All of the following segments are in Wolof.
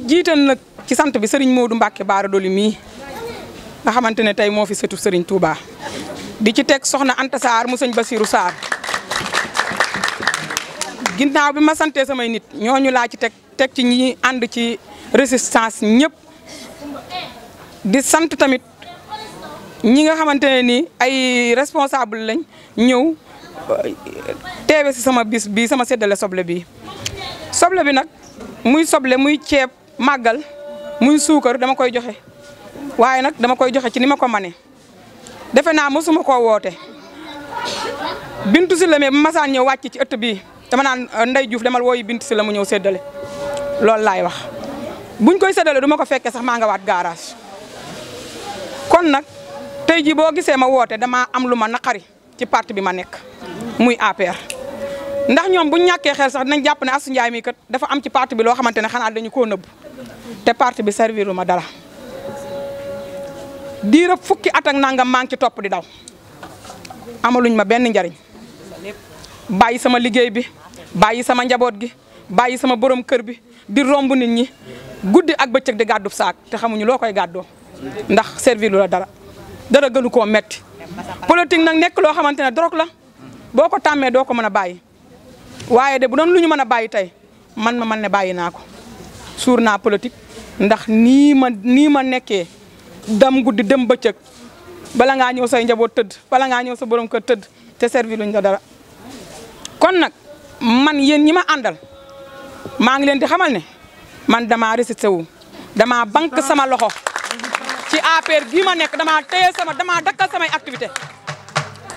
di jiital nag ci sant bi Serigne Modou Mbacke Baara Doli mii nga xamante ne tey moo fi sëtu Serigne Touba di ci teg soxna Anta Sarr mu sëñ Basirou Sarr ginnaaw bi ma santee samay nit ñooñu laa ci teg teg ci ñi ànd ci résistance ñëpp di sant tamit ñi nga xamante ne ni ay responsable lañ ñëw teewe si sama bis bi sama seddale soble bi soble bi nag muy soble muy ceeb màggal muy suukar dama koy joxe waaye nag dama koy joxe ci ni ma ko mane defe naa mosuma koo woote bintu si la mais bu masaan ñëw wàcc ci ëtt bii dama naan euh, Ndey Diouf demal wooyu bintu si la mu ñëw séddale loolu laay wax buñ koy séddale du ma ko fekkee sax maa nga waat garage kon nag tey ji boo gisee ma woote dama am lu ma naqari ci parti bi ma nekk muy APR ndax ñoom buñ ñàkkee xel sax dinañ jàpp ne Astou Ndiaye mii kat dafa am ci parti bi loo xamante ne xanaa dañu koo nëbb te parti bi serviru ma dara diira fukki at ak nangam maa ngi ci topp di daw amaluñ ma benn njariñ bàyyi sama liggéey bi bàyyi sama njaboot gi bàyyi sama borom kër bi di romb nit ñi guddi ak bëccëg di gàddu saak te xamuñu loo koy gàddoo ndax serviru la dara dara gënu koo metti politique nag nekk loo xamante ne drogue la boo ko tàmmee doo ko mën a bàyyi waaye de bu doon lu ñu mën a bàyyi tey man ma man ne bàyyi naa ko suur naa politique ndax nii ma nii ma nekkee dam guddi dem bëccëg bala ngaa ñëw say njaboot tëdd bala ngaa ñëw sa borom kër tëdd te servi luñ la dara kon nag man yéen ñi ma àndal maa ngi leen di xamal ne man damaa récité wu damaa banque sama loxo ci APR bii ma nekk damaa téye sama damaa dakkal samay activité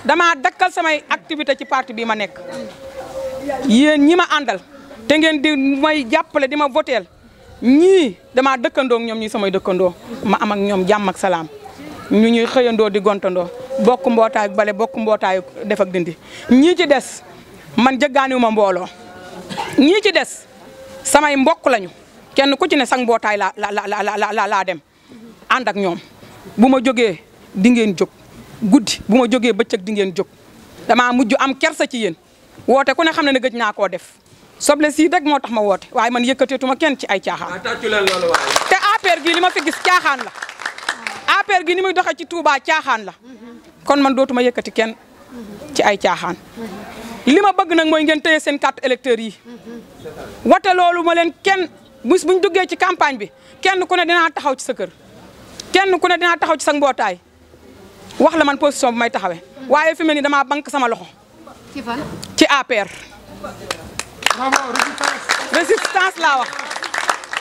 damaa dakkal samay activité ci parti bii ma nekk yéen ñi ma àndal te ngeen di may jàppale di ma voteel ñii damaa dëkkandook ñoom ñi samay dëkkandoo ma am ak ñoom jàmm ak salaam ñu ñuy xëyandoo di gontandoo bokk mbootaay bale bokk mbootaay def ak dindi ñii ci des man jëggaaniwu ma mbooloo ñii ci des samay mbokk lañu kenn ku ci ne sang mbootaay laa la la la laa dem ànd ak ñoom bu ma jógee di ngeen jóg guddi bu ma jógee bëccëg di ngeen jóg damaa mujj am kersa ci yéen woote ku ne xam ne ne gëj naa koo def soble si rek moo tax ma woote waaye man yëkkateetuma kenn ci ay caaxaan te APR gi li ma gis caaxaan la APR gi ni muy doxee ci Touba caaxaan la kon man dootuma yëkkati kenn ci ay caaxaan li ma bëgg nag mooy ngeen téye seen carte électeur yi wate loolu ma leen kenn bis buñ duggee ci campagne bi kenn ku ne dinaa taxaw ci sa kër kenn ku ne dinaa taxaw ci sa mbootaay wax la man position bu may taxawe waaye fi mel ni damaa bank sama loxo ci fan ci APR. bravo résistance. résistance laa wax.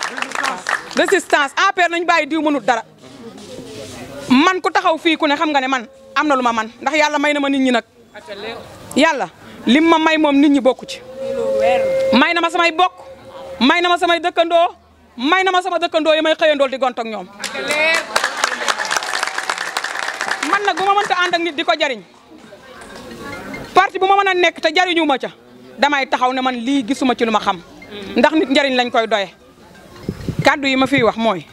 résistance résistance nañu bàyyi diw mënut dara. man ku taxaw fii ku ne xam nga ne man am na lu ma man ndax yàlla may na ma nit ñi nag. yàlla lim ma may moom nit ñi bokku ci. may na ma samay bokk may na ma samay dëkkandoo may na ma sama dëkkandoo yi may xëyandool di gont ak ñoom. man nag bu ma mënta ànd di ko jariñ parti bu ma mën a nekk te jariñu ma ca damay taxaw ne man lii gisuma ci nu ma xam ndax nit njariñ lañ koy doye kàddu yi ma fi wax mooy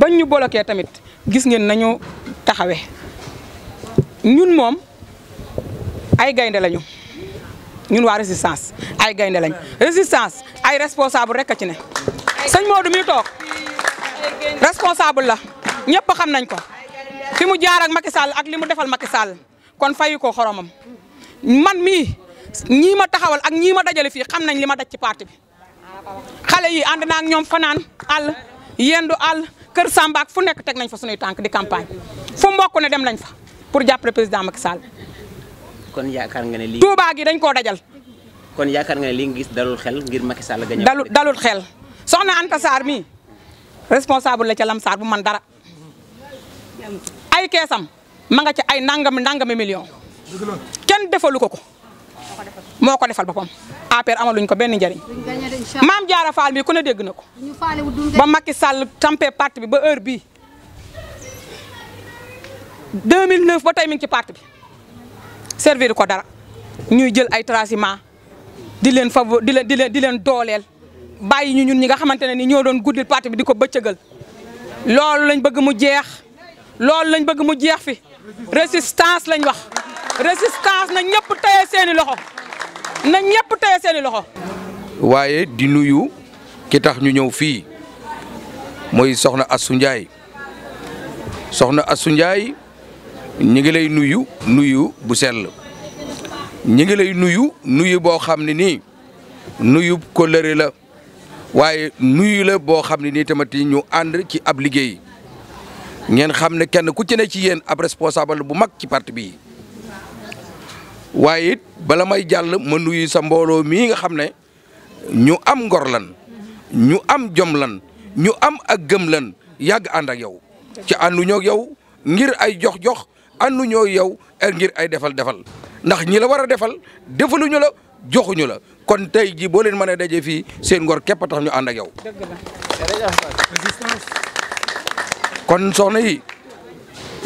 bañ ñu bloqué tamit gis ngeen nañu taxawe ñun moom ay gaynde lañu ñun waa résistance ay gaynde lañ résistance ay responsable rek a ci ne sëñ Modou mi toog responsable la ñëpp xam nañ ko fi mu jaar ak Macky Sall ak li mu defal Macky Sall kon fayu ko xoromam man mii ñii ma taxawal ak ñii ma dajale fii xam nañ li ma daj ci parti bi xale yi ànd naa ak ñoom fanaan àll yendu àll kër Samba fu nekk teg nañ fa sunuy tànk di campagne fu mbokk ne dem nañ fa pour jàppale président Macky Sall. kon yaakaar nga ne lii. Touba gi dañ koo dajal. kon yaakaar nga lii nga gis dalul xel ngir Macky Sall gañ dalul dalul xel soxna Anta Sarr mii responsable la ca Lam Sarr bu man dara ay keesam. ma nga ca ay nangam nangami million kenn defalu ko ko moo ko defal boppam APR amaluñ ko benn njariñ maam Jaara Faal mi ku ne dégg na ko ba makki Sall tampé parti bi ba heure bii 2009 ba tey mi ngi ci parti bi servir ko dara ñuy jël ay transiment di leen favor di leen di leen di leen dooleel bàyyi ñu ñun ñi nga xamante ne ni ñoo doon guddil parti bi di ko bëccëgal loolu lañ bëgg mu jeex loolu lañ bëgg mu jeex fi résistance lañ wax résistance na ñëpp téye seeni loxo na ñëpp téye seeni loxo. waaye di nuyu ki tax ñu ñëw fii mooy soxna Assou Ndiaye soxna Assou Ndiaye ñu ngi lay nuyu nuyu bu sell ñu ngi lay nuyu nuyu boo xam ne nii nuyu kóllëre la waaye nuyu la boo xam ne nii tamit ñu ànd ci ab liggéey. ngeen xam ne kenn ku ci ne ci yéen ab responsable bu mag ci parti bii waaye it bala may jàll ma nuyu sa mbooloo mii nga xam ne ñu am ngor lan ñu am jom lan ñu am ak gëm lan yàgg ànd ak yow ci ànduñoo ak yow ngir ay jox-jox ànduñoo yow ngir ay defal-defal ndax ñi la war a defal defaluñu la joxuñu la kon tey ji boo leen mën a fii seen ngor képp a tax ñu ànd ak yow. kon soxna yi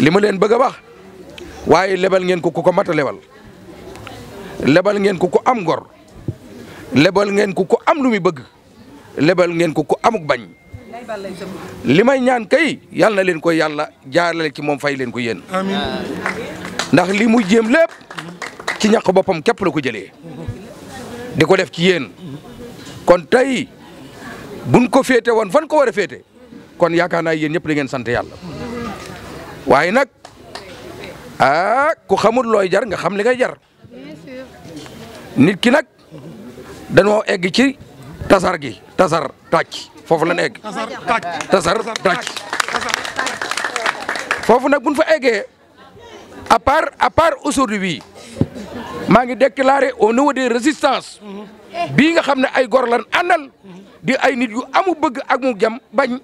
li ma leen bëgg a wax waaye lebal ngeen ko ku ko mat a lebal lebal ngeen ko ku am ngor lebal ngeen ko ku am lu muy bëgg lebal ngeen ko ku amuk bañ li may ñaan kay yal leen ko yàlla jaarale ci moom fay leen ko yéen. amiin ndax li mu jéem lépp ci ñaq boppam képp la ko jëlee di ko def ci yéen kon tey buñ ko féete woon fan ko war a kon yaakaar naa yéen ñëpp da ngeen sant yàlla waaye nag ah ku xamul looy jar nga xam li ngay jar nit ki nag dañoo egg ci tasar gi tasar tàcc foofu lañ egg. tasar tàcc foofu nag buñ fa eggee à part à part aujourd'hui maa ngi déclaré au niveau des résistances mhm. bii nga xam ne ay gor lan àndal di ay nit yu amu bëgg ak mu jam bañ.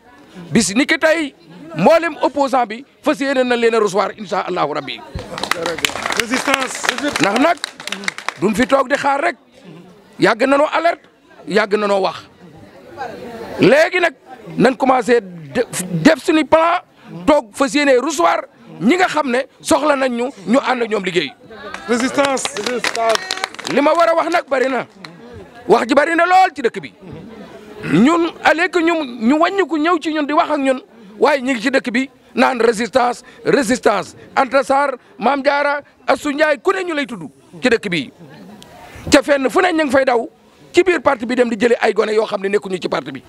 bis ni ki tey mboolem opposant bi fas yéene na leen a recevoir incha allahu rabbi résistance ndax nag duñ fi toog di xaar rek yàgg na noo alerte yàgg na noo wax léegi nag nañ commencé def suñu plan toog fas yéene recevoir ñi nga xam ne soxla nañ ñu ñu ànd ñoom liggéey. résistance. li ma war a wax nag bari na wax ji bari na lool ci dëkk bi ñun allez que ñu ñu wàññiku ñëw ci ñun di wax ak ñun waaye ñu ngi ci dëkk bi naan résistance résistance Anta Sarr Maam Jaara Assou Ndiaye ku ne ñu lay tudd ci dëkk bi ca fenn fu ne ñu ngi fay daw ci biir parti bi dem di jëlee ay gone yoo xam ne nekkuñu ci parti bi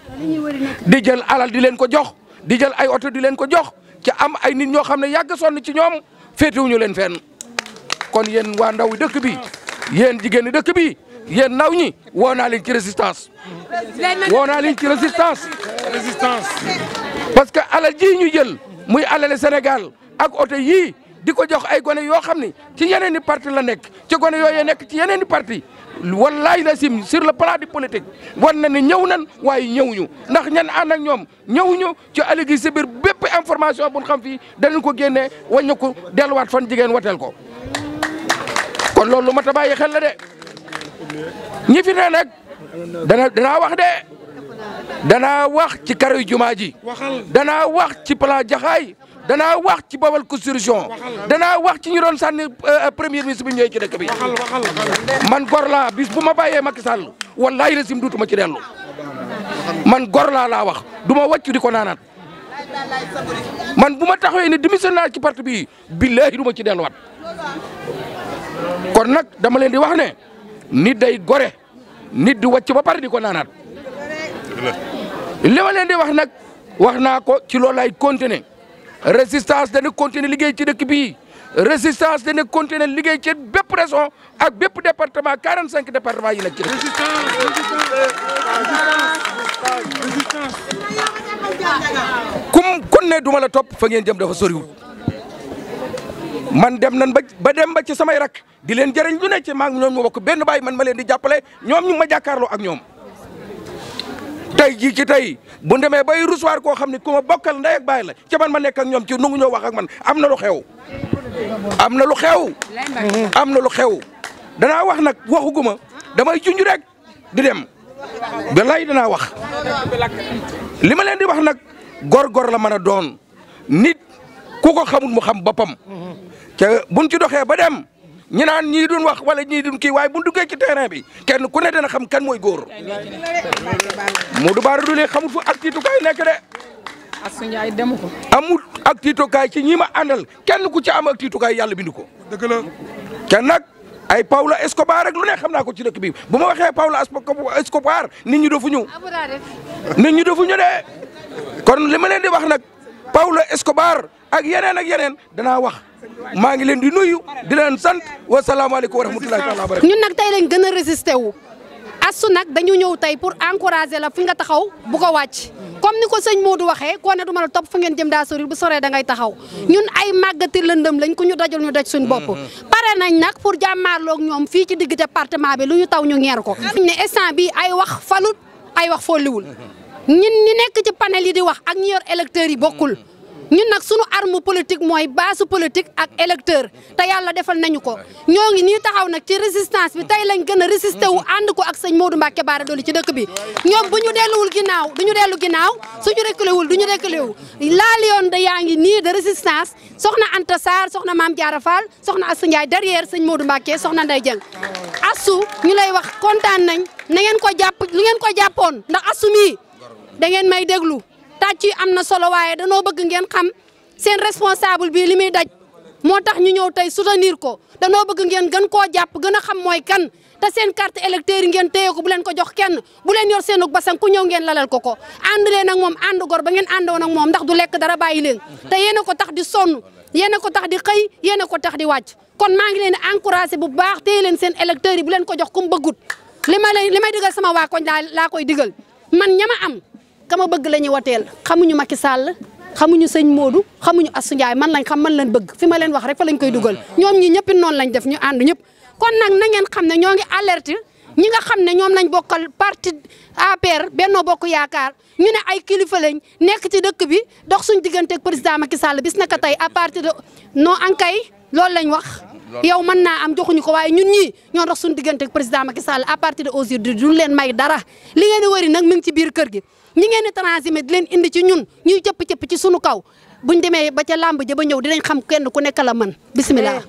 di jël alal di leen ko jox di jël ay oto di leen ko jox ca am ay nit ñoo xam ne yàgg sonn ci ñoom féetewuñu leen fenn kon yéen waa ndaw dëkk bi yéen jigéen dëkk bi yéen ndaw ñi woo naa leen ci résistance. woo naa leen ci résistance. résistance. parce que alal ji ñu jël muy alal Sénégal ak oto yii di ko jox ay gone yoo xam ni ci yeneen i parti la nekk ci gone yooyu nekk ci yeneen i parti wallaay la sim sur le plan du politique war na ne ñëw nan waaye ñëwuñu ndax ñan ànd ak ñoom ñëwuñu ci allégi si biir bépp information bu xam fii danañ ko génnee waññu ko delluwaat fan jigéen wateel ko kon loolu lu mat a bàyyi xel la de. ñi fi ne nag dana danaa wax de danaa wax ci karu jumaa ji danaa wax ci plan jaxaay danaa wax ci bawal construction danaa wax ci ñu doon sànni euh, premier ministre bi ñëwee ci dëkk bi man gor laa bis bu ma bàyyee Macky Sall wallaahi la sim duutuma ci dellu man gor laa laa wax du ma wàccu di ko naanaat man bu ma tax taxawee ne démission naa ci parti bi billaahi du ma ci delluwaat kon nag dama leen di wax ne nit day gore nit di wàcc ba pare di ko naanaat. li ma leen di wax nag wax naa ko ci loolu lay continuer résistance dana continuer liggéey ci dëkk bii résistance dana continuer liggéey ci bépp région ak bépp département 45 département yi nag ci dëkk. résistance kum kon ne duma la topp fa ngeen jëm dafa soriwul. man dem nan ba ba dem ba ci samay rak di leen jëriñ lu ne ci maa ngi ñoom ñu bokk benn baay man ma leen di jàppale ñoom ñu ma jàkkaarloo ak ñoom. tey jii ci tey bu demee bay rusuwaar koo xam ne ku ma bokkal ndey ak baay la ci man ma nekk ak ñoom ci nu ngu ñoo wax ak man am na lu xew. am na lu xew. am na lu xew danaa wax nag waxuguma damay junj rek di dem. balay danaa wax li ma leen di wax nag góor-góor la mën a doon nit. ku ko xamul mu xam boppam. te buñ ci doxee ba dem ñu naan ñii duñ wax wala ñii duñ kii waaye buñ duggee ci terrain bi kenn ku ne dana xam kan mooy góor. Modou Bara Dolly xamul fu ak tiitukaay nekk de. Assou Ndiaye demu ko. amul ak tiitukaay ci ñi ma àndal kenn ku ci am ak tiitukaay yàlla bind ko. dëgg la kenn nag ay Pawla Escobar rek lu ne xam naa ko ci dëkk bi bu ma waxee Pawla Escobar nit ñi dafa ñëw. nit ñi dafa ñu de kon li ma leen di wax nag. Paulo Escobar ak yeneen ak yeneen danaa wax maa ngi leen di nuyu di leen sant wa salaamaaleykum wa rahmatulahi taala wa ñun nag tey lañ gën a résister wu astu nag dañu ñëw tey pour encourager la fi nga taxaw bu ko wàcc comme ni ko sëñ Modou waxee koo ne du ma la topp ngeen jëm daa sori bu soree da ngay taxaw ñun ay màggati lëndëm lañ ku ñu dajul ñu daj suñu bopp mm-hmm. pare nañ nag pour jàmmaarloog ñoom fii ci digg département bi lu ñu taw ñu ngeer ko ñu ne instant ay wax falut ay wax folliwul ñun ñi nekk ci panel yi di wax ak ñi yor électeurs yi bokkul ñun nag sunu arme politique mooy baasu politique ak électeur te yàlla defal nañu ko ñoo ngi nii taxaw nag ci résistance bi tey lañ gën a résister wu ànd ko ak sëñ Modou Mbacke Bara Dolly ci dëkk bi ñoom bu ñu delluwul ginnaaw du ñu dellu ginnaaw suñu reculé wul du ñu reculé wu laal yoon da yaa ngi nii de résistance soxna Anta Sarr soxna Mame Diarra Fall soxna Assa Ndiaye derrière sëñ Modou Mbacke soxna Ndeye Dieng asu ñu lay wax kontaan nañ na ngeen ko jàpp lu ngeen ko jàppoon ndax asu mii da ngeen may déglu tàcc yi am na solo waaye danoo bëgg ngeen xam seen responsable bii li muy daj moo tax ñu ñëw tey soutenir ko danoo bëgg ngeen gën koo jàpp gën a xam mooy kan ta seen carte électeur yi ngeen téye ko bu leen ko jox kenn bu leen yor seenug basan ku ñëw ngeen lalal ko ko ànd leen ak moom ànd gor ba ngeen àndoon ak moom ndax du lekk dara bàyyi leen te yéen ko tax di sonn yéen ko tax di xëy yéen ko tax di wàcc kon maa ngi leen di bu baax téye leen électeurs yi leen ko jox ku mu bëggut ma leen li may digal sama waa koñ laa laa koy digal man ñama am kama bëgg la ñuy woteel xamuñu Macky Sall xamuñu sëñ Modou xamuñu Assou Ndiaye man lañ xam man lañ bëgg fi ma leen wax rek fa lañ koy dugal ñoom ñi ñëpp noon lañ def ñu ànd ñëpp kon nag na ngeen xam ne ñoo ngi alerte ñi nga xam ne ñoom lañ bokkal parti APR Benno Bokk Yaakaar ñu ne ay kilifa lañ nekk ci dëkk bi dox suñ diggante ak président Macky Sall bis naka tey à no an non ankay loolu lañ wax yow mën naa am joxuñu ko waaye ñun ñi ñoo dox suñu diggante président Macky Sall à partir de aujourd'hui duñ leen may dara li ngeen di wëri nag mi ci biir kër gi ñi ngeen di transmettre di leen indi ci ñun ñuy cëpp-cëpp ci sunu kaw buñ demee ba ca làmb ja ba ñëw dinañ xam kenn ku nekk la mën bisimilah.